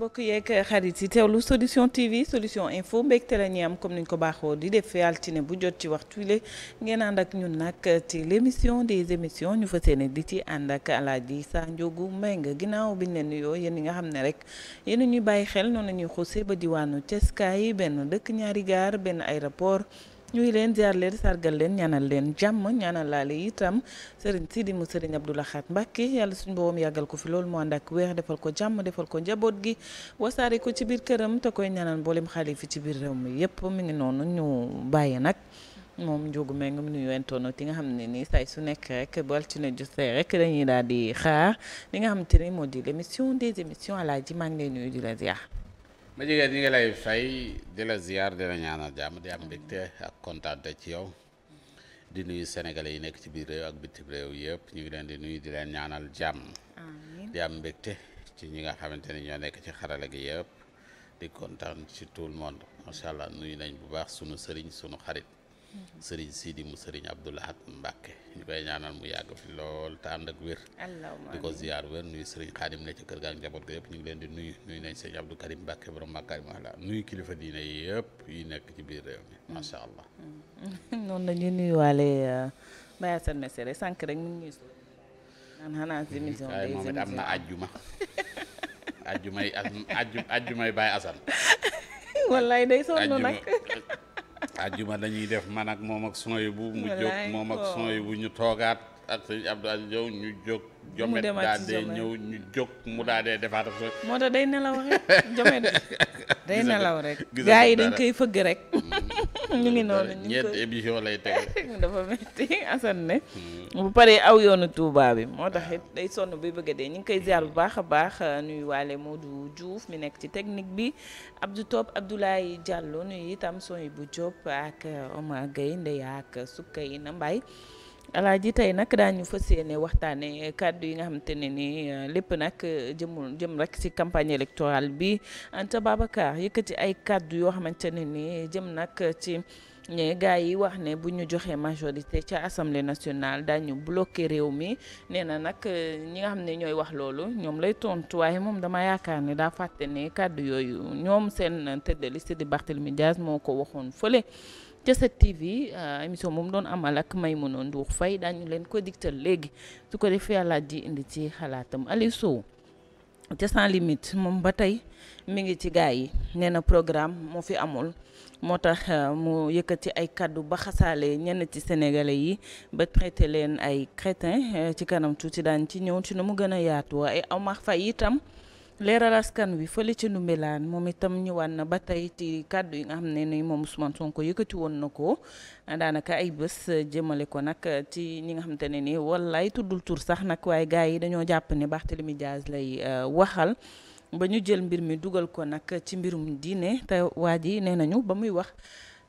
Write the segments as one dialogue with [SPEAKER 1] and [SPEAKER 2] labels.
[SPEAKER 1] bokk yeeg xarit yi teewlu solution TV solution info mbégte la ñuy am comme ni ñu ko baaxoo di def altine bu jot ci waxtu wi ngeen ànd ak ñun nag ci l' émission des émissions ñu fas yéene di ci ànd ak Alaaji Sa Ndiogou nga ginnaaw biñ leen nuyoo yéen ñi nga xam ne rek yéen ñuy bàyyi xel noonu la ñuy xuuse ba diwaanu Ceskaay benn dëkk ñaari gaar benn aéroport. ñuy leen ziar leen sargal leen ñaanal leen jàmm ñaanal laale itam sëriñ di mu sëriñ la Lahad Mbacké yàlla suñu boobam yàggal ko fi loolu moo ànd ak defal ko jàmm defal ko njaboot gi wasaare ko ci biir këram te koy ñaanal mboolem xalifa ci biir réew mi yépp mi ngi noonu ñu bàyyi nag moom Ndiogou Mbengue mu nuyu internet yi nga xam ne nii say su nekk rek bu altine jotee rek dañuy daal di xaar li nga xam te ne moo di l'émission des émissions Alaaji maa ngi lay di la ziar.
[SPEAKER 2] ma jigéen ñi ngi lay fay di la ziar di ñaanal jàmm di am mbégte ak kontaante ci yow di nuyu sénégalais yi nekk ci biir réew ak bitim réew yëpp ñu ngi leen di nuyu di leen ñaanal jàmm di am mbégte ci ñi nga xamante ni ñoo nekk ci xarala gi yëpp di kontaan ci tout le monde macha allah nuyu nañ bu baax sunu sëriñ sunu xarit sëriñ Sidi mu sëriñ Abdou Lahad Mbacke ñu koy ñaanal mu yàgg fi lool te ànd ak wér di ko ziar wér nuyu sëriñ Xaadim ne ci kër gaa njaboot ga yëpp ñu ngi leen di nuyu nuyu nañ sëriñ Abdou Karim Mbacke borom Makaarim Axlaaq nuyu kilifa diine yëpp yi nekk ci biir réew mi macha allah
[SPEAKER 1] mm-hmm. noonu la ñuy nuyuwaale euh, Mbaye Assane Mesere sànq rek mu ngi
[SPEAKER 2] naan xanaa si émission day na ajjuma ajjumay ajjumay Baye Assane
[SPEAKER 1] wallaay day sonn nag
[SPEAKER 2] ajjuma dañuy def man ak moom ak son yi bu mu jóg moom ak son yi bu ñu toogaat ak sëñ Abdou Aziz ñu jóg jomet daal dee ñëw ñu jóg mu daal dee defaat ak moo
[SPEAKER 1] tax day nelaw rek jomet
[SPEAKER 2] day nelaw rek gaa yi dañ koy
[SPEAKER 1] fëgg rek mm-hmm. ñu ngi noonu ñetti
[SPEAKER 2] émission lay teg
[SPEAKER 1] dafa métti Assane ne bu paree aw yoonu Touba bi moo tax ah. day sonn buy bëgg a dee ñu ngi koy ziar bu baax a baax euh, nuyu waale du juuf mi nekk ci technique bi Abdou Top Abdoulaye Diallo nuyu itam Soy bu Diop ak euh, Omar Gueye Ndeye ak Soukayna Mbaye alaaji tey nag daañu fas yéene waxtaanee kàddu yi nga xamante ne ni euh, lépp nag euh, jëmul jëm rek ci campagne électorale bi Anta Babacar ci ay kàddu yoo xamante ne ni jëm nag ci. ne gars yi wax ne bu ñu joxee majorité ca assemblée nationale daañu blocke réew mi nee na nag euh, ñi nga xam ne ñooy wax loolu ñoom lay tontu waaye moom dama yaakaar ne daa fàtte ne kàddu yooyu ñoom seen tête de liste di Barthélémy Dias moo ko waxoon fële. ca sa TV euh, émission moom doon amal ak Maimouna Ndour Faye daañu leen ko digtal léegi su ko defee yàlla ji indi ci xalaatam Aliou Sow ca sans limite moom ba tey mi ngi ci gars yi nee na programme moo fi amul. moo tax euh, mu yëkkati ay kàddu ba xasaale ñenn ci sénégalais yi ba traité leen ay crétin euh, ci kanam tuuti daan ci ñëw ci nu mu gën a yaatu ay Omar Faye itam leeral askan wi fële ci Ndoumbélane moom itam ñëwaat na ba tey ci kàddu yi nga xam ne nii moom Ousmane Sonko yëkkati woon na ko daanaka ay bés euh, jëmale ko nag ci ñi nga xamante ne ni wallaay tuddul tur sax nag waaye gars yi dañoo jàpp ne Barthélémy Dias lay waxal. ba ñu jël mbir mi dugal ko nag ci mbirum diine te waa ji ne nañu ba muy wax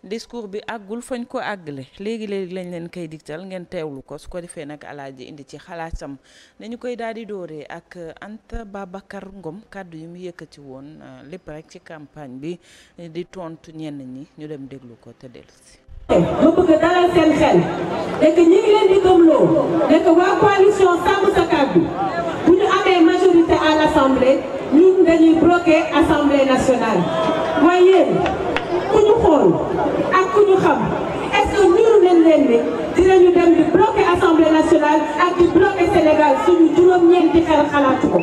[SPEAKER 1] discours bi àggul fañ ko àggale léegi léegi lañ leen koy digtal ngeen teewlu ko su ko defee nag alaaji indi ci xalaatam dañu koy daal di dooree ak Anta Babacar Ngom kàddu yi mu yëkkati woon euh, lépp rek ci campagne bi di tontu ñenn ñi ñu dem déglu ko te dellusi.
[SPEAKER 3] ma bëgg dalal seen xel nekk ñi leen di gëmloo nekk waa coalition sàmm sa kàddu bu ñu amee majorité à l'assemblée dañuy bloquer assemblée nationale waaye ku ñu xool ak ku ñu xam est-ce leen leen ne dinañu dem di bloquer assemblée nationale ak di bloquer Sénégal suñu juróom-ñeenti xel xalaatu ko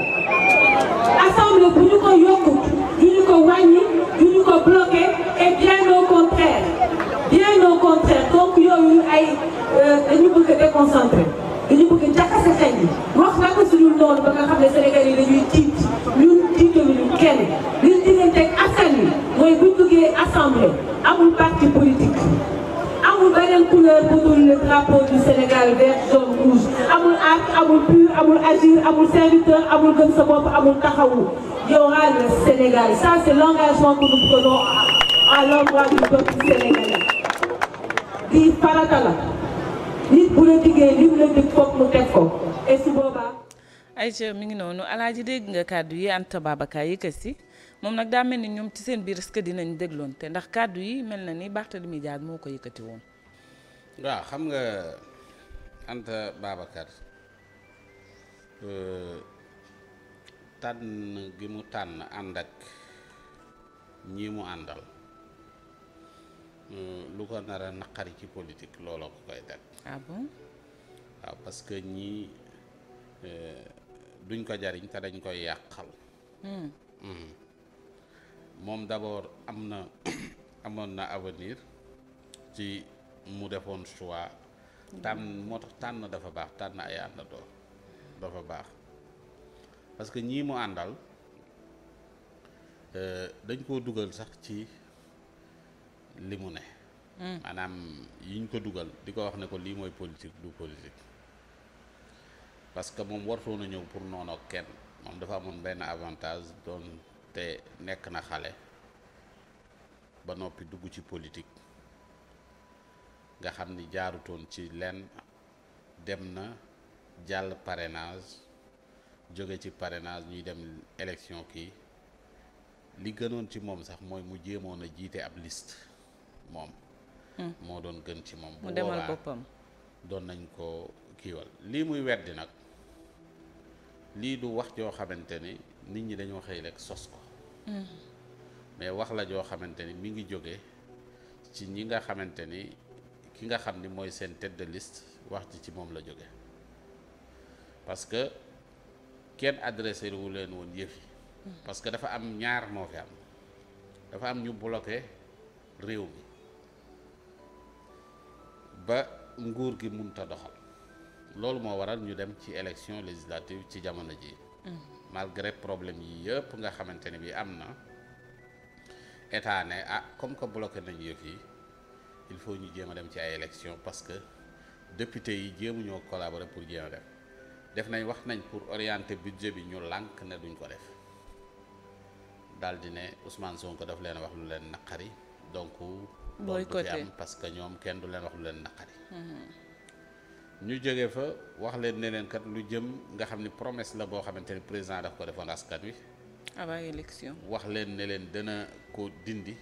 [SPEAKER 3] assemblée bu ñu ko yokku du ñu ko wàññi du ñu ko bloquer et bien au contraire bien au contraire donc yooyu ay euh, dañu bëgg déconcentré dañu bëgg jaxase xel yi wax na ko noonu ba nga xam ne Sénégal yi dañuy tiit kenn li ñu diggante ak mooy bu ñu assemblée amul parti politique amul beneen couleur bu dul le du Sénégal vert jaune amul ARC amul PUR amul AGIR amul serviteur amul gëm sa bopp amul taxawu y aura Sénégal ça c'est l'engagement que nous prenons à l'endroit du peuple sénégalais di farata la nit bu la diggee li mu la dig foog mu teg ko et su boobaa
[SPEAKER 1] ay Aïcha mi ngi noonu alaaji dégg nga kàddu yi Anta Babacar yëkkat moom nag daa mel ni ñoom ci seen biir est-ce que dinañ dégloon te ndax kàddu yi mel na ni Barthélémy Dias moo ko yëkkati woon.
[SPEAKER 2] waaw xam nga Anta Babacar euh, tànn gi mu mu àndal euh, lu ko ci politique looloo ko koy ah ñii. Euh, duñ ko jariñ te dañ koy yàqal hmm. Hmm. moom d'abord am na amoon na avenir ci mu defoon choix hmm. tànn moo tax tànn dafa baax tànn ay àndandoo dafa baax parce que ñii mu àndal euh, dañ koo dugal sax ci li mu ne maanaam yiñ ko dugal di ko wax ne ko lii mooy politique du politique parce que moom wartoon a ñëw pour noonu ak kenn moom dafa amoon benn avantage doon te nekk na xale ba noppi dugg ci politique nga xam ni jaarutoon ci lenn dem na jàll parrainage jóge ci parrainage ñuy dem élection kii li gënoon ci moom sax mooy mu jéemoon a jiite ab liste moom. Hmm. moo doon gën ci moom. bu mu demal boppam. doon nañ ko kiiwal lii muy weddi nag lii du wax joo xamante ne nit ñi dañoo xëy rek sos ko mais wax la joo xamante ni mi ngi jóge ci ñi nga xamante ni ki nga xam ni mooy seen tête de liste wax ji ci moom la jóge parce que kenn adressé wu leen woon yëf yi parce que dafa am ñaar moo fi am dafa am ñu bloqué réew mi ba nguur gi munta doxal loolu moo waral ñu dem ci élection législative ci jamono ji mm-hmm. malgré problème yi yëpp nga xamante ne bi am na état ne ah comme que bloqué nañu yëf yi il faut ñu jéem a dem ci ay élection parce que député yi jéemu ñoo collaborer pour jéem dem def nañ wax nañ pour orienter budget bi ñu lànk ne duñ ko def daal di ne Ousmane sonk daf leen wax lu leen naqari donc.
[SPEAKER 4] boycotté loolu du am
[SPEAKER 2] parce que ñoom kenn du leen wax lu leen naqari. Mm-hmm. ñu jóge fa wax leen ne leen lu jëm nga xam ni promesse la boo xamante ni président daf ko defoon askan wi.
[SPEAKER 1] avant élection.
[SPEAKER 2] wax leen ne leen dana ko dindi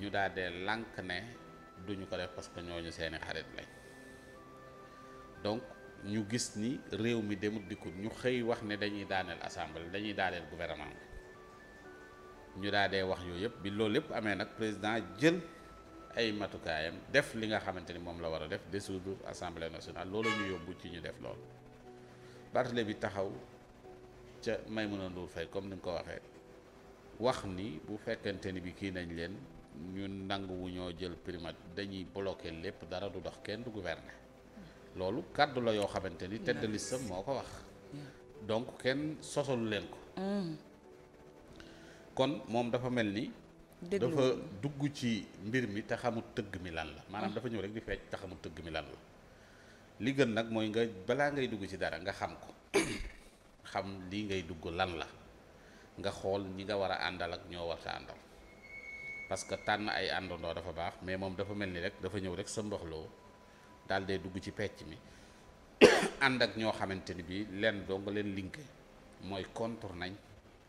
[SPEAKER 2] ñu daal di lànk ne duñu ko def parce que ñooñu seeni xarit lañ donc ñu gis ni réew mi demut dikkut ñu xëy wax ne dañuy daaneel assemblée dañuy daaneel gouvernement ñu daal dee wax yooyu yëpp bi loolu yëpp amee nag président jël. ay matukaayam def li nga xamante ni moom la war a def dissoudre assemblée nationale loolu ñu yóbbu ci ñu def loolu bi taxaw ca Maïmouna Ndour Faye comme ni nga ko waxee wax ni bu fekkente ni bi kii nañ leen ñu nanguwu ñoo jël primate dañuy bloqué lépp dara du dox kenn du gouverner loolu kàddu la yoo xamante ni tête de liste moo ko wax donc kenn sosalu leen ko mm. kon moom dafa mel ni dafa dugg ci mbir mi te xamut tëgg mi lan la maanaam dafa ñëw rek di fecc te xamul tëgg mi lan la li gën nag mooy nga balaa ngay dugg ci dara nga xam ko xam lii ngay dugg lan la nga xool ñi nga war a àndal ak ñoo war a àndal parce que tànn ay àndandoo dafa baax mais moom dafa mel ni rek dafa ñëw rek sa mboxloo daal dee dugg ci pecc mi ànd ak ñoo xamante ni bii leen doo nga leen linké mooy contour nañ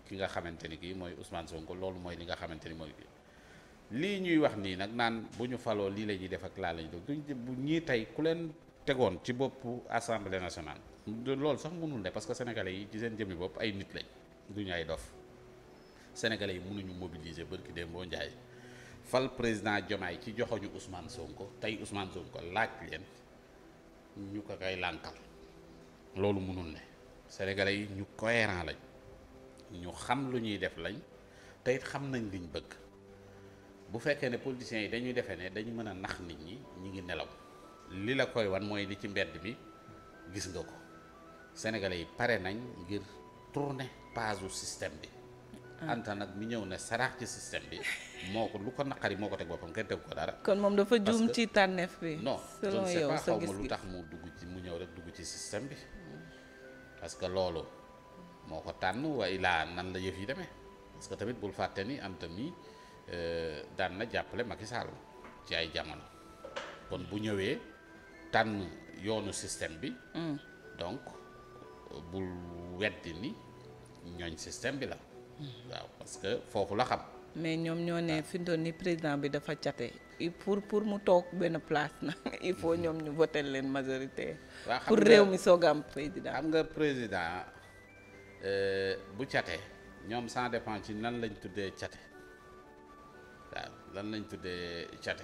[SPEAKER 2] ki nga xamante ni kii mooy Ousmane Sonko loolu mooy li nga xamante ni mooy lii ñuy wax nii nag naan bu ñu faloo lii la ñuy def ak laa la ñuy def duñ ñii tey ku leen tegoon ci bopp assemblée nationale. loolu sax mënul ne parce que sénégalais yi ci seen jëmmi bopp ay nit lañ ñu ay dof sénégalais yi mënuñu mobiliser barki Dembo Ndiaye fal président Diomaye ci joxoñu Ousmane Sonko tey Ousmane Sonko laaj leen ñu ko koy lànkal loolu mënul ne sénégalais yi ñu cohérent ñu xam lu ñuy def lañ tey xam nañ liñ bëgg bu fekkee ne politiciens yi dañuy defe ne dañu mën a nax nit ñi ñu ngi nelaw li la koy wan mooy li ci mbedd bi gis nga ko sénégalais yi pare nañ ngir tourner page système bi ah. anta nag mi ñëw ne saraax ci système bi moo ko lu ko naqari moo ko teg boppam kenn tegu ko dara. kon moom dafa juum ci
[SPEAKER 1] tànneef bi. selon yow sa gis xaw ma
[SPEAKER 2] lu tax mu dugg ci mu ñëw rek dugg ci système bi hmm. parce que loolu moo ko tànn wa ilaa nan la yëf yi demee parce que tamit bul fàtte ni Anta mi euh, daan na jàppale Macky Sall ci ay jamono kon bu ñëwee tànn yoonu système bi. Mm. donc bul weddi ni ñooñ système bi la. Mm. waaw parce que foofu la xam.
[SPEAKER 1] mais ñoom ñoo ne ah. fi doon ni président bi dafa cate pour pour mu toog benn place na il faut mm. ñoom ñu voter leen majorité. pour réew mi
[SPEAKER 2] soog am président. xam nga président bu cate ñoom ça dépend ci nan lañ tuddee cate waaw lan lañ tuddee cate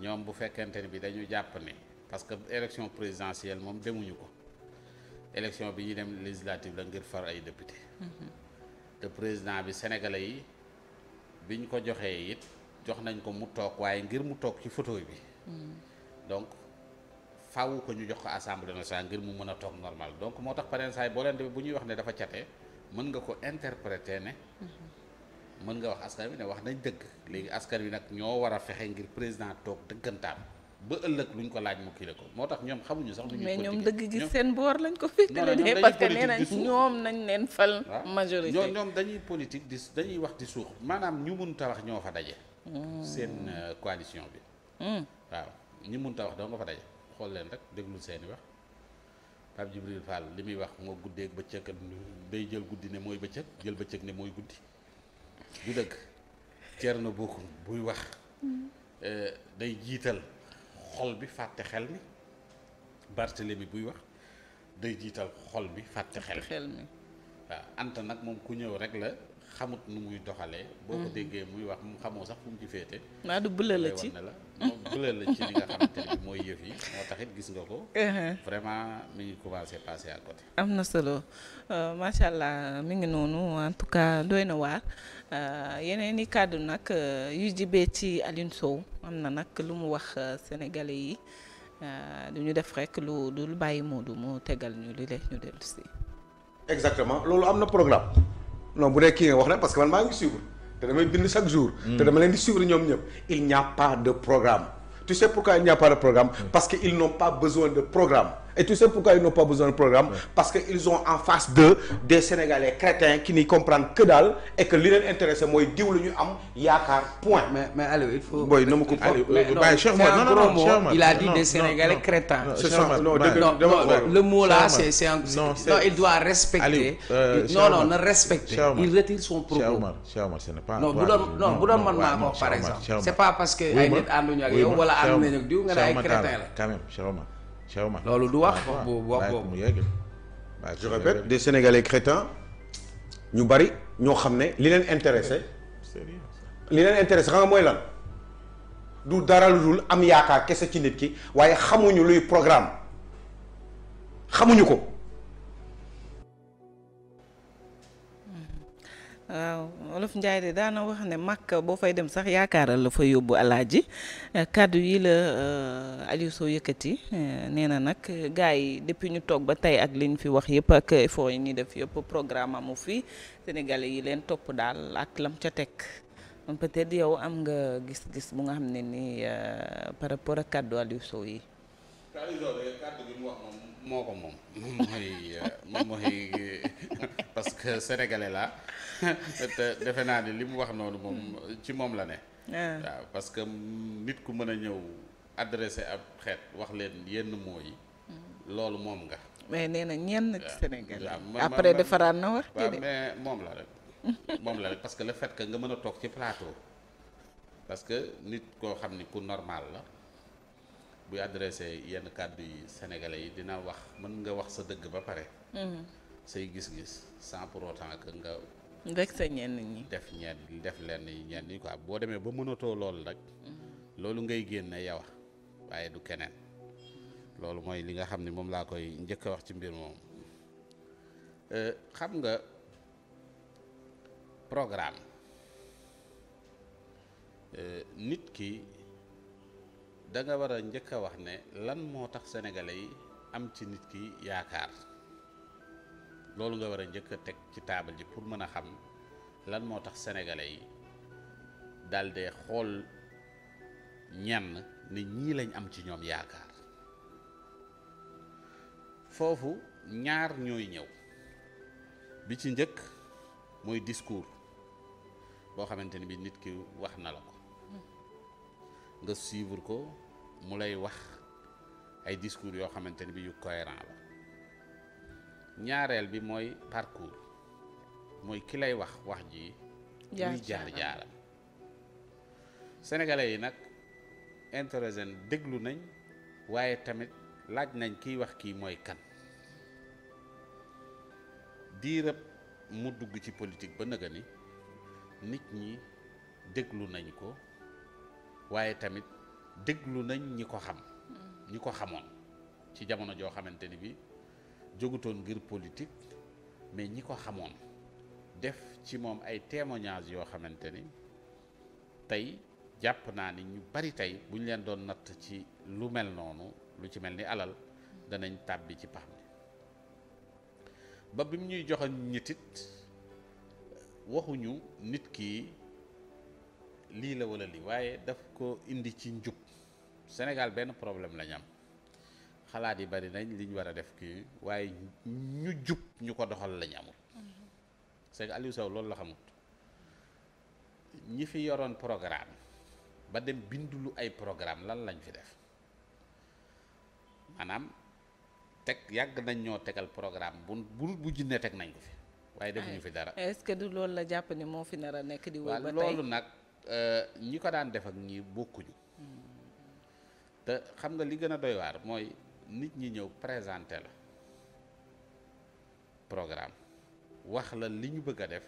[SPEAKER 2] ñoom bu fekkente ni bi dañu jàpp ne parce que élection présidentielle moom demuñu ko élection bi ñu dem législative la ngir far ay député
[SPEAKER 4] mm-hmm.
[SPEAKER 2] te président bi sénégalais yi biñ ko joxee it jox nañ ko mu toog waaye ngir mu toog ci photo bi mm-hmm. donc faaw ko ñu jox ko assemblée nationale ngir mu mën a toog normal donc moo tax parrain saa yi boo leen di bu ñuy wax ne dafa cate mën nga ko interpréter ne. mën nga wax askan wi ne wax nañ dëgg léegi askan wi nag ñoo war a fexe ngir président toog dëggantaan ba ëllëg luñ ko laaj mu kii ko moo tax ñoom xamuñu sax. mais ñoom dëgg gi seen
[SPEAKER 1] boor lañ ko fi. non parce que
[SPEAKER 2] leen fal. majorité ñoom ñoom dañuy politique di dañuy wax di suux maanaam ñu mënut a wax ñoo fa daje.
[SPEAKER 4] Hmm. seen
[SPEAKER 2] euh, coalition bi. Hmm. waaw ñu mënut a wax doo nga fa daje. xool leen rek déglu seeni wax Pape Djibril Fall li muy wax moo guddee ak bëccëg day jël guddi ne mooy bëccëg jël bëccëg ne mooy guddi du dëgg na Bocoum buy wax mm-hmm. euh, day jiital xol bi fàtte xel mi Barthélemy buy wax day jiital xol bi fàtte xel mi waaw ant nag moom ku ñëw rek la xamut nu muy doxalee. boo ko mm-hmm. déggee muy wax mu xamoo sax fu mu ci du bële la ci la moom bële la ci li nga xamante ne mooy yëf yi moo taxit gis nga ko. Uh-huh. vraiment mi ngi commencé
[SPEAKER 1] am na solo euh, macha allah mi ngi noonu en tout cas doy na waar euh, yeneen i kàddu nag euh, yu jibee ci Alioune Sow am na nag lu mu wax sénégalais yi du ñu def rek lu dul bàyyi Modou mu tegal ñu li lay ñu dellu
[SPEAKER 2] exactement loolu am na programme. non bu dee kii nga wax na parce que man maa ngi suivre te damay bind chaque jour. Hmm. te dama leen di suivre ñoom ñëpp. il n'y a pas de programme tu sais pourquoi il n'y a pas de programme. Hmm. parce que ils n'ont pas besoin de programme. et tout ça pourquoi ils n'ont pas besoin de programme parce que ils ont en face d'eux des sénégalais crétins qui n'y comprennent que dalle et que li leen intéressé mooy diw lu ñu am yaakaar point. mais mais Aliou il faut. booy na ma ko non non il a dit des sénégalais crétins. non le mot là c'est un non il respecter. Euh, na respecter. il retire son propos. non bu doon man maa ko par exemple. c'est pas parce que ay nit ànduñu ak yow wala ànduñu ak diw nga ne ay crétin Thiawma loolu du wax wax boobu wax boobu je répète des sénégalais crétins ñu bari ñoo xam ne li leen intéressé li leen intéressé xam nga mooy lan du dara lu am yaakaar kese ci nit ki waaye xamuñu luy programme xamuñu ko.
[SPEAKER 1] waaw olof Ndiaye de daana wax ne màkk boo fay dem sax yaakaaral la fa yóbbu alaaji kàddu yi la euh, Aliou Sow yëkkati euh, nee na nag gars yi depuis ñu toog ba tey ak li ñu fi wax yëpp ak effort yi ñuy def yëpp programme amu fi sénégalais yi leen topp daal ak lam ca teg peut-être yow am nga gis-gis bu nga xam ne nii euh, par rapport ak kàddu Aliou yi.
[SPEAKER 2] moo ko moom moom mooy moom mooy parce que sénégalais la te defe naa ni li mu wax noonu moom ci moom la ne ah. waaw parce que nit ku mën a ñëw adressé ab xeet wax leen yenn moo yi mm. loolu moom nga
[SPEAKER 1] mais nee na ñenn ci sénégalais après defaraan na wax waaw
[SPEAKER 2] mais moom la rek moom la rek parce que le fait que nga mën a toog ci plateau parce que nit koo xam ni ku normal la buy adressé yenn kàddu yi sénégalais yi dina wax mën nga wax sa dëgg ba pare. Mhm. say gis-gis sans pour autant que nga. vexé ñenn ñi. def ñenn def lenn ñenn ñi quoi boo demee ba mënatoo loolu rek. Mhm. loolu ngay génne yow waaye du keneen. loolu mooy li nga xam ne moom laa koy njëkk a wax ci mbir moom euh, xam nga programme euh, nit ki. da nga war a njëkk a wax ne lan moo tax sénégalais yi am ci nit ki yaakaar loolu nga war a njëkk a teg ci taabal ji pour mën a xam lan moo tax sénégalais yi dalde xool ñenn ne ñii lañ am ci ñoom yaakaar foofu ñaar ñooy ñëw bi ci njëkk mooy discours boo xamante ni bi nit ki wax na la ko nga suivre ko mu lay wax ay discours yoo xamante ni bi yu cohérent la ñaareel bi mooy parcours mooy ki lay wax wax ji luy jaar jaaram sénégalais yi nag intéressé déglu nañ waaye tamit laaj nañ kiy wax kii mooy kan diirëb mu dugg ci politique ba nëga ni nit ñi déglu nañ ko waaye tamit déglu nañ ñi ko xam ñi ko xamoon ci jamono joo xamante ni bi jógutoon ngir politique mais ñi ko xamoon def ci moom ay témoignages yoo xamante ni tey jàpp naa ni ñu bari tey bu ñu leen doon natt ci lu mel noonu lu ci mel ni alal danañ tàbbi ci pax mi ba bi mu ñuy joxoon ñitit waxuñu nit kii lii la wala lii waaye daf ko indi ci njub Sénégal benn problème lañ am xalaat yi bari nañ li war a def kii waaye ñu jub ñu ko doxal lañ ñu amul. c'est loolu la xamut ñi fi yoroon programme ba dem bindulu ay programme lan lañ fi def maanaam teg yàgg nañ ñoo tegal programme bu bu bu jinne teg nañ ko fi. waaye defuñu fi dara.
[SPEAKER 1] est du loolu la jàpp ni moo fi nar nekk di. wéy ba tey loolu
[SPEAKER 2] nag. Euh, ñi ko daan def ak ñi bokkuñu. te xam nga li gën a doy waar mooy nit ñi ñëw présenté la programme wax la li ñu bëgg a def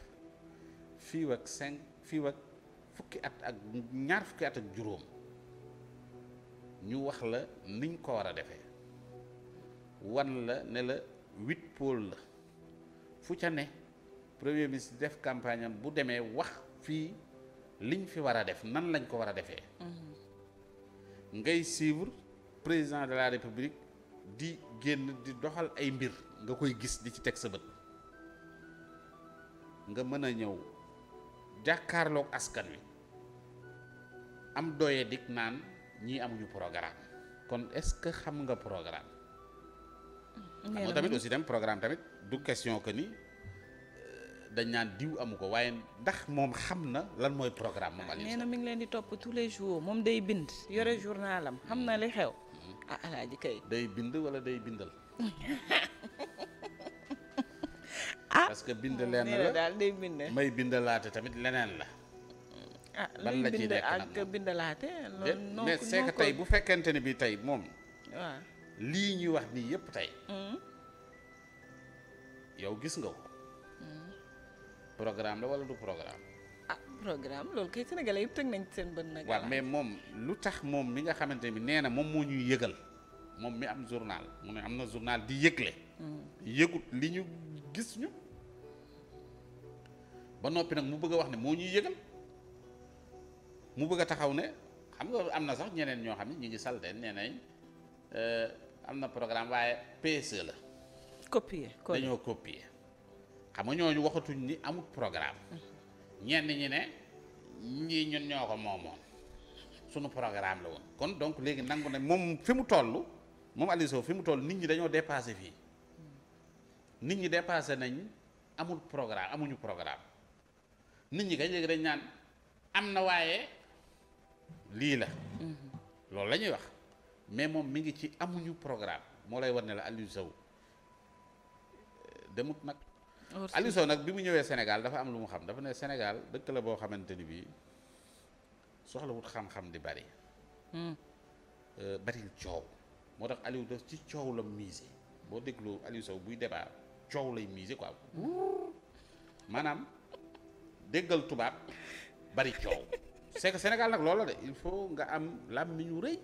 [SPEAKER 2] fii ak cinq fii ak fukki at ak ñaar fukki at ak juróom ñu wax la niñ ko war a defee wan la ne la huit pole la fu ca ne premier ministre def campagne bu demee wax fii. liñ fi war a def nan lañ ko war a defee
[SPEAKER 4] mm-hmm.
[SPEAKER 2] ngay suivre président de la république di génn di doxal ay mbir nga koy gis di ci teg sa bët nga mën a ñëw jàkkaarloog askan wi am doye dik naan ñii amuñu programme kon est-ce que xam nga programme
[SPEAKER 4] mm-hmm.
[SPEAKER 1] xam tamit aussi dem
[SPEAKER 2] programme tamit du question que ni dañ naan diw amu ko waaye ndax moom xam na lan mooy programme ah, moom Alioune
[SPEAKER 1] Sall nee na mi ngi leen di topp tous les jours moom day bind yore mm-hmm. journalam xam na li xew mm-hmm. ah alaaji kay day bind
[SPEAKER 2] wala day bindal ah. que bind leen ah, daal
[SPEAKER 1] day bind may
[SPEAKER 2] tamit leneen la mm.
[SPEAKER 1] ah ban la ak bindalaate loolu mais c'est que tey bu
[SPEAKER 2] fekkente ne bi tey moom lii ñuy wax nii yépp tey mm. yow gis nga ko mm. programme la wala du programme.
[SPEAKER 1] ah programme loolu kay sénégalais yëpp teg nañ seen bët nag. waaw mais
[SPEAKER 2] moom lu tax moom mi nga xamante ni nee na moom moo ñuy yëgal moom mi am journal mu ne am na journal di yëgle. Hmm. yëgut li ñu gis ba noppi nag mu bëgg a wax ne moo ñuy yëgal mu bëgg a taxaw ne xam nga am na sax ñeneen ñoo xam ne ñu ngi salte nee nañ euh, am na programme waaye PSE la. copier dañoo copier. xam nga ñooñu waxatuñ ni amul programme ñenn ñi ne ñii ñun ñoo ko moomoon sunu programme la woon kon donc léegi nangu na moom fi mu toll moom Aliou Sow fi mu toll nit ñi dañoo dépassé fii nit ñi dépassé nañ amul programme amuñu programme nit ñi kañ léegi dañ naan am na waaye lii la loolu la ñuy wax mais moom mi ngi ci amuñu programme moo lay war ne la Aliou demut nag Aliou Sow nag bi mu ñëwee Sénégal dafa am lu mu xam dafa ne Sénégal dëkk la boo xamante ni bii soxlawut xam-xam di bari. Hmm. Euh, baril coow moo tax Aliou ci coow la miise boo déglu Aliou buy débat coow lay miise quoi maanaam déggal tubaab bari coow c'est que Sénégal nag loola de il faut nga am làmmiñ ñu rëy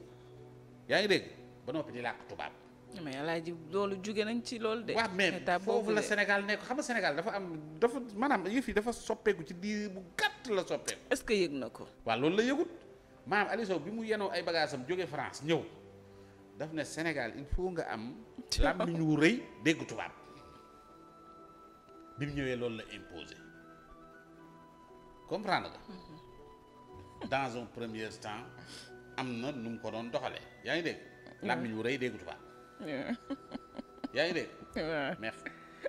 [SPEAKER 2] yaa ngi dégg ba noppi di làkk tubaab. mais alaaji loolu jóge nañ ci loolu de. waaw mais foofu la Sénégal nekk xam nga Sénégal dafa am dafa maanaam yëf yi dafa soppeeku ci diir bu gàtt la soppeeku. est-ce que yëg na ko. waaw loolu la yëgut maam Aliou bi mu yenoo ay bagages am jóge France ñëw daf ne Sénégal il faut nga am. làmmiñ wu rëy dégg tubaab bi mu ñëwee loolu la imposé comprendre nga. Mm-hmm. dans un premier temps am na nu mu ko doon doxalee yaa ngi dégg. Mm-hmm. làmmiñ wu rëy dégg tubaab. yaa ngi dégg. waaw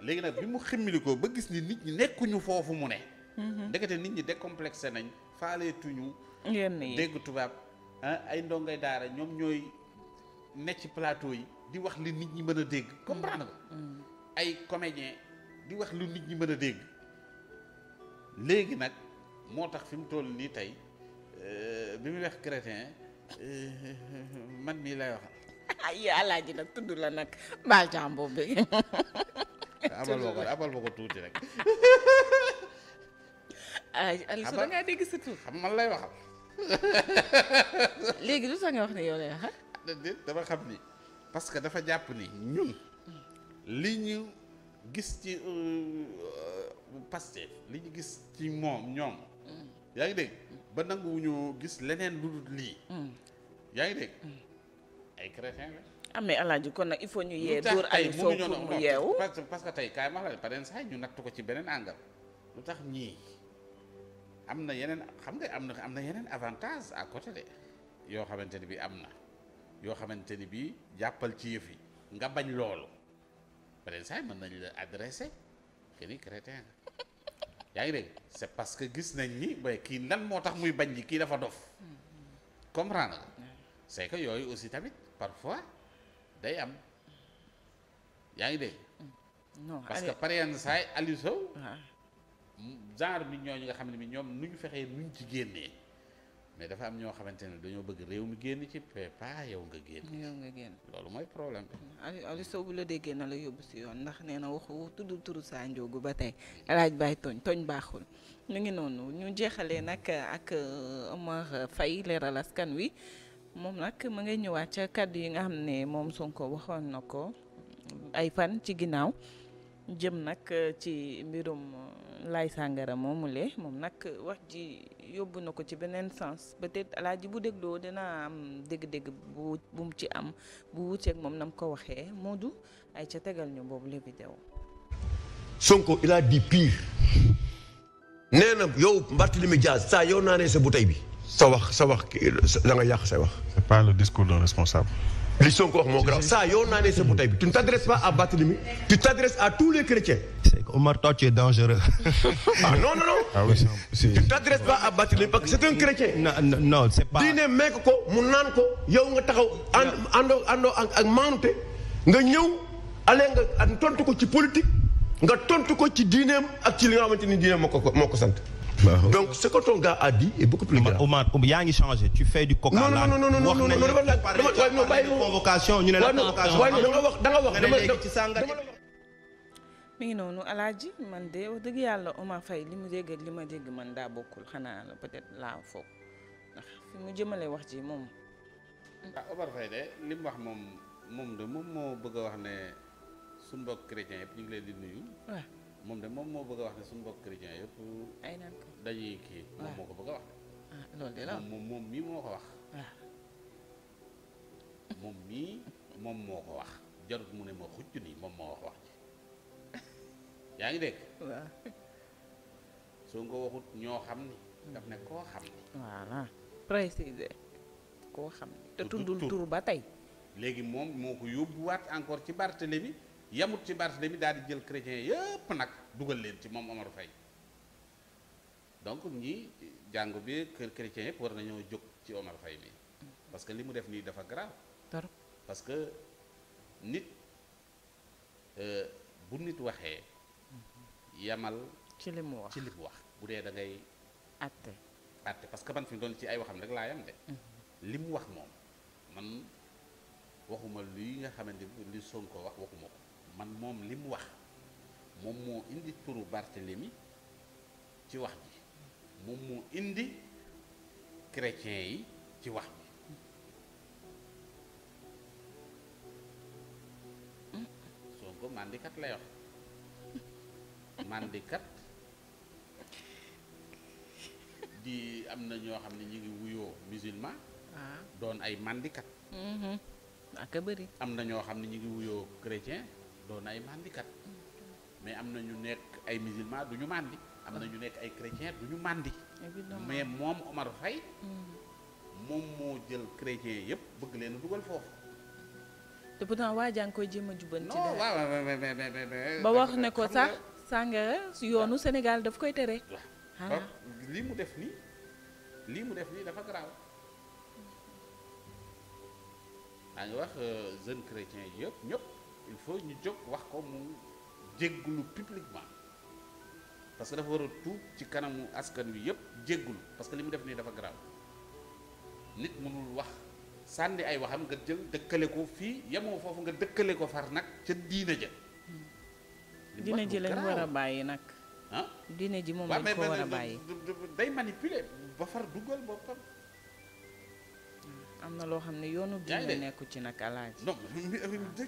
[SPEAKER 2] léegi nag bi mu ximmilikoo ba gis ni nit ñi nekkuñu foofu mu ne. Mm-hmm. ndekete nit ñi décomplexé nañ faaleetuñu. yenn yi dégg tubaab ah, ay ndongoy daara ñoom ñooy ne ci plateau yi di wax li nit ñi mën a dégg mm-hmm. comprendre nga. Mm-hmm. ay comédien di wax lu nit ñi mën a dégg léegi nag moo tax fi mu toll nii tey euh, bi muy wax crétin euh, man mii lay wax
[SPEAKER 1] ay yi nag tudd la
[SPEAKER 2] nag mbaa jàmbo bi. abal ma ko tuuti rek. Aliou da ngaa dégg sa tur. xam man lay waxal. léegi lu tax nga wax ne yow lay wax déet xam ni parce que dafa jàpp ni ñun li ñu gis ci euh, euh, Pastef li ñu gis ci moom ñoom. Mm. yaa ngi dégg ba nanguwuñu gis leneen lu dul lii. Mm. yaa ngi dégg. Mm. ay crétin la. ah mais kon
[SPEAKER 1] nag il faut ñu yee. dóor ay soo pour mu yeewu
[SPEAKER 2] parce que tey kaay ma la pare saa ñu natt ko ci beneen angle. lu tax ñii am na yeneen xam nga am na am na yeneen avantage à côté de yoo xamante ni bi am na yoo xamante ni bi jàppal ci yëf yi nga bañ loolu pare saa mën nañ la adressé que ni crétin yaa ngi dégg c'est parce que gis nañ ni kii nan moo tax muy bañ ji kii dafa dof mm-hmm. comprendre nga c'est que yooyu aussi tamit. parfois day am yaa ngi dégg. Mm. non parce que par yenn saa yi Aliou Sow. Ah. genre nit ñooñu nga xam ne ñoom nu ñu fexee nu ci génnee mais dafa am ñoo xamante ne dañoo bëgg réew mi génn ci pas yow nga génn. yow nga génn loolu mooy problème bi.
[SPEAKER 1] Mm. Aliou bu la déggee na la yóbbu si yoon ndax nee na waxu tudd turu saa njóogu ba tey El Hadj tooñ tooñ baaxul. ñu ngi noonu ñu jeexalee nag ak Omar Faye leeral askan wi. moom nag ma ngay ñëwaat ca kàddu yi nga xam ne moom Sonko waxoon na ko ay fan ci ginnaaw jëm nag euh, ci mbirum euh, Laye Sangara moomule moom nag wax ji yóbbu na ko ci beneen sens peut-être alaaji bu dégloo dina am dégg-dégg bu bu ci am bu wuuteeg moom nam ko waxee moo du ay ca tegal ñu boobu la vidéo
[SPEAKER 3] Sonko il a dit pire
[SPEAKER 2] nee na yow Barthélémy Dias saa yow naanee sa bouteille bi. sa wax sa wax da nga yàq say wax. c'est pas le discours d'un responsable. li Sonko wax moo grave ça yow naa ne sa bouteille bi tu ne pas à Barthélemy tu t'adresses à tous les chrétiens. c'est que Omar toi tu es dangereux. ah non non non. ah oui ne diine mekk ko mu naan ko yow nga taxaw. ànd àndoo àndoo ak ak maanute nga ñëw ale nga tontu ko ci politique nga tontu ko ci diineem ak ci li nga xamante ni diineem moo ko moo ko sant. donc ce que ton gars a dit est beaucoup plus grave. Omar yaa ngi changé tu fais du coca. non non non non non non ci non
[SPEAKER 1] mi ngi noonu alaaji man de dëgg yàlla Omar Faye li mu dégg ak li ma dégg man daa bokkul xanaa la peut-être laa foog mu jëmale wax ci moom.
[SPEAKER 2] waaw ah, Omar Faye wax moom moom de moom moo bëgg a wax ne suñu mbokk chrétien yëpp ñu ngi leen di nuyu. moom de moom moo bëgg a wax ne suñu mbokk chrétien yëpp. ay naan ko kii. moom moo ko bëgg a wax. ah loolu de moom moom mii moo ko wax. moom mii moom moo ko wax jarut mu ne ma xucc nii moom moo wax wax ji yaa ngi dégg. waaw. soo ko waxut ñoo xam ni. Mm. daf ne koo xam ni. voilà précisé koo xam ni. te tur ba tey. léegi moom moo ko yóbbuwaat encore ci Barthélémy bi. yamut ci de Barthélemy daal di jël chrétien yëpp nag dugal leen ci moom Omar fay donc ñi jàngu bi kër chrétien yëpp war nañoo jóg ci Omar Faye bi parce que li mu def nii dafa grave parce que nit euh, bu nit waxee
[SPEAKER 1] mhm.
[SPEAKER 2] yamal ci li mu wax li mu wax bu dee da ngay atte atte parce que man fi mu doon ci ay waxam rek laa yam de mhm. li mu wax moom man waxuma luy nga xamante ni li Sonko wax waxuma ko man moom li mu wax moom moo indi turu Barthélemy ci wax bi moom moo indi chrétien yi ci wax bi Sonko mandikat lay wax mandikat di am na ñoo xam ne ñu ngi wuyoo musulman ah. doon ay màndikat mm-hmm. ak a bëri am na ñoo xam ne ñu ngi wuyoo chrétien doon ay màndikat mais am na ñu nekk ay musulman du ñu màndi am na ñu nekk ay chrétien du ñu màndi mais moom Omar Faye mm. moom moo jël chrétien yëpp bëgg leen dugal foofu
[SPEAKER 1] te pourtant waa jaa ngi koy jéem a jubbanti
[SPEAKER 2] ba wax ne ko sax
[SPEAKER 1] sàngara yoonu Sénégal daf koy tere
[SPEAKER 2] ah. lii mu def nii lii mu def nii dafa garaaw maa ngi wax euh, jeune chrétien yëpp ñëpp il faut ñu jóg wax ko mu jéggulu publiquement parce que dafa war a tuub ci kanamu askan wi yëpp jéggulu parce que li mu def nii dafa garaaw nit mënul wax sànni ay waxam nga jël dëkkale ko fii yemoo foofu nga dëkkale ko far nag ca diina ja hmm. diina ji lañ war a bàyyi nag diina ji moom lañ ko war a bàyyi day manipuler ba far dugal boppam am na loo xam ne yoonu diine nekku ci nag alaaji donc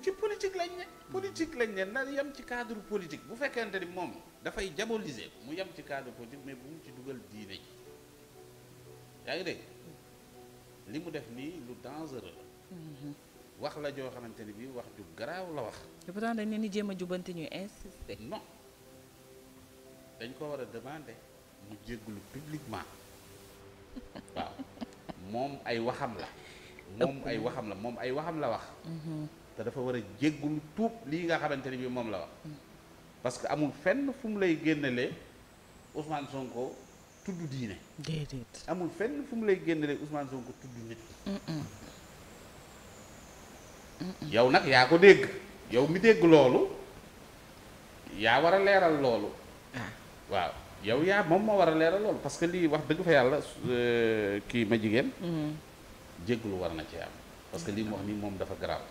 [SPEAKER 2] ci politique lañ ne politique lañ ne na yem ci cadre politique bu fekkente ni moom dafay diaboliser mu yem ci cadre politique mais bu mu ci dugal diine ji yaa ngi dégg li mu def nii lu dangereux la mm-hmm. wax la joo xamante ni bii wax ju garaaw la wax
[SPEAKER 1] te pourtant dañ leen di jéem a jubanti ñuy insister non
[SPEAKER 2] dañ ko war a demander mu jéggulu publiquement waaw moom ay waxam la moom ay waxam la moom ay waxam la wax te dafa war a jéggul tuub lii nga xamante ni bi moom la wax parce que amul fenn fu mu lay génnelee Ousmane Sonko tudd diine fenn fu lay génnelee Ousmane Sonko tudd yow nag yaa ko dégg yow mi dégg loolu yaa war a leeral loolu waaw yow yaa moom moo war a leeral loolu parce que lii wax dëgg fa yàlla euh, kii ma jigéen mm-hmm. jégglu war na cee am parce que lii mu wax nii moom dafa garaaw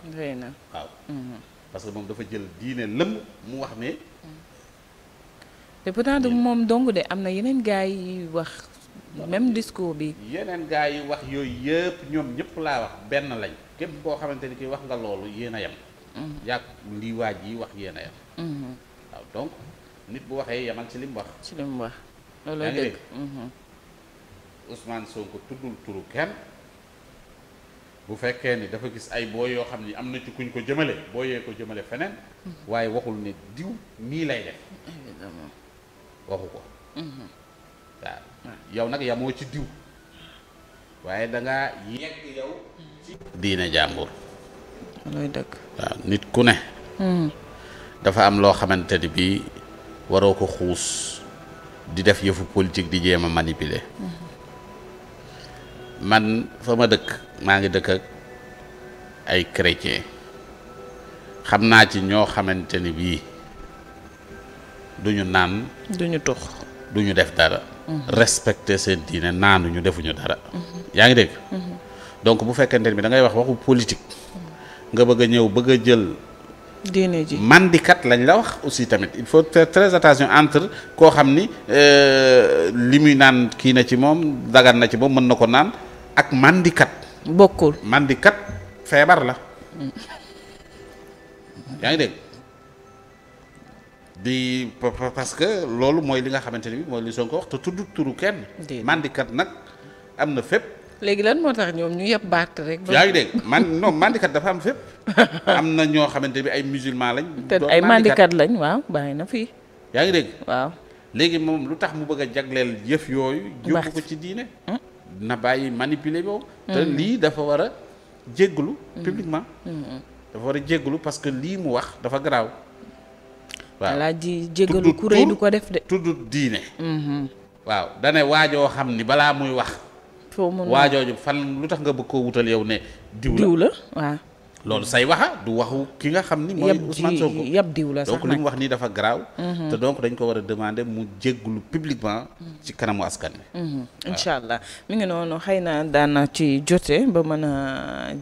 [SPEAKER 2] waaw mhm. parce que moom dafa jël diine lëm mu wax ne
[SPEAKER 1] te pourtant du moom dong de am na yeneen gaa yi wax même discours bi
[SPEAKER 2] yeneen gars yi wax yooyu yëpp ñoom ñëpp laa wax benn lañ képp koo xamante ni ki wax nga loolu yéen a yem mhm. yàgg lii waaj yi wax yéen a yem mhm. waaw donc nit bu waxee yemal ci li mu wax ci li mu wax loolu dëgg Ousmane Sonko tuddul turu kenn bu fekkee ni dafa gis ay boo yoo xam ni am na ci kuñ ko jëmale boo yee ko jëmale feneen waaye waxul ne diw nii lay def waxu ko waaw yow nag yamoo ci diw waaye danga ngaa yegg yow ci diine jàmbur waaw nit ku ne hmm. dafa am loo xamante ni bii waroo ko xuus di def yëfu politique di jéem a manipuler hmm. man fa ma dëkk maa ngi dëkk ak ay chrétien xam naa ci ñoo xamante ni bii duñu naan. duñu tox duñu def dara. Mhm. respecter seen diine ñu defuñu dara. Mhm. yaa ngi dégg. Mhm. donc bu fekkente ni bi dangay wax waxu politique. nga bëgg a ñëw bëgg a jël. diine ji mandikat lañ la wax aussi tamit il faut faire très attention entre koo xam ni euh, li muy naan kii na ci moom dagan na ci moom mën na ko naan. ak mandikat. bokkul mandikat feebar la. yaa ngi dégg di parce que loolu mooy li nga xamante ni bi mooy li Sonko wax te tudd turu kenn. mandikat nag am na fépp. léegi
[SPEAKER 1] lan moo tax ñoom ñu yëpp baat rek. yaa ngi dégg
[SPEAKER 2] man non mandikat dafa am fépp. am na ñoo xamante bi ay musulman lañ. te ay mandikat
[SPEAKER 1] lañ waaw bàyyi na fii.
[SPEAKER 2] yaa ngi dégg waaw. léegi moom lu tax mu bëgg a jagleel yëf yooyu. yóbbu ko ci diine. Hmm? na bàyyi manipuler boobu. te mm-hmm. lii dafa war a jéggalu. Mm-hmm. publiquement. Mm-hmm. dafa war a jéggalu parce que lii mu wax dafa garaaw. waa laa ji jéggalu ku rëy du
[SPEAKER 1] ko def de. tudd
[SPEAKER 2] diine. waaw da waajoo xam ni balaa muy wax.
[SPEAKER 1] foo mun waajooju
[SPEAKER 2] fan lu tax nga bëgg koo wutal yow ne. diw la loolu say waxa du waxu ki nga xam ni. mooy Ousmane Sonko yab diw donc wax nii dafa garaaw. Mhm. donc dañ ko war a demander mu jégglu publiquement mhm. ci kanamu askan wi.
[SPEAKER 1] Mhm. incha allah mi ngi noonu xëy na daana ci jote ba mën a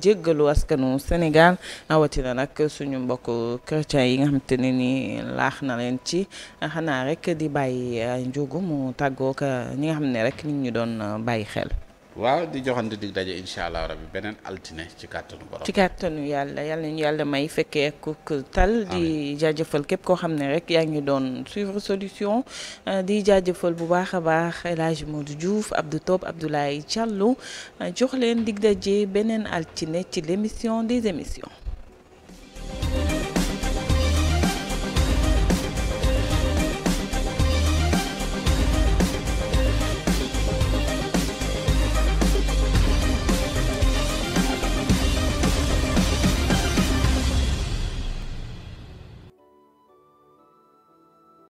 [SPEAKER 1] jéggalu askanu Sénégal rawatina nag suñu mbokk chrétien yi nga xam te ne nii laax na leen ci xanaa rek di bàyyi njóogu mu tàggoo ñi nga xam ne rek nit ñu doon bàyyi xel.
[SPEAKER 2] waaw di joxante dig daje incha allah rabbi beneen altine ci kàttanu borom. ci
[SPEAKER 1] kàttanu yàlla yàlla ñu yàlla may fekkee ak tal. di jaajëfal képp koo xam ne rek yaa ngi doon suivre solution. Euh, di jaajëfal bu baax a baax El du Modou Diouf Abdou Top Abdoulaye Diallo euh, jox leen dig daje beneen altine ci l' émission des émissions.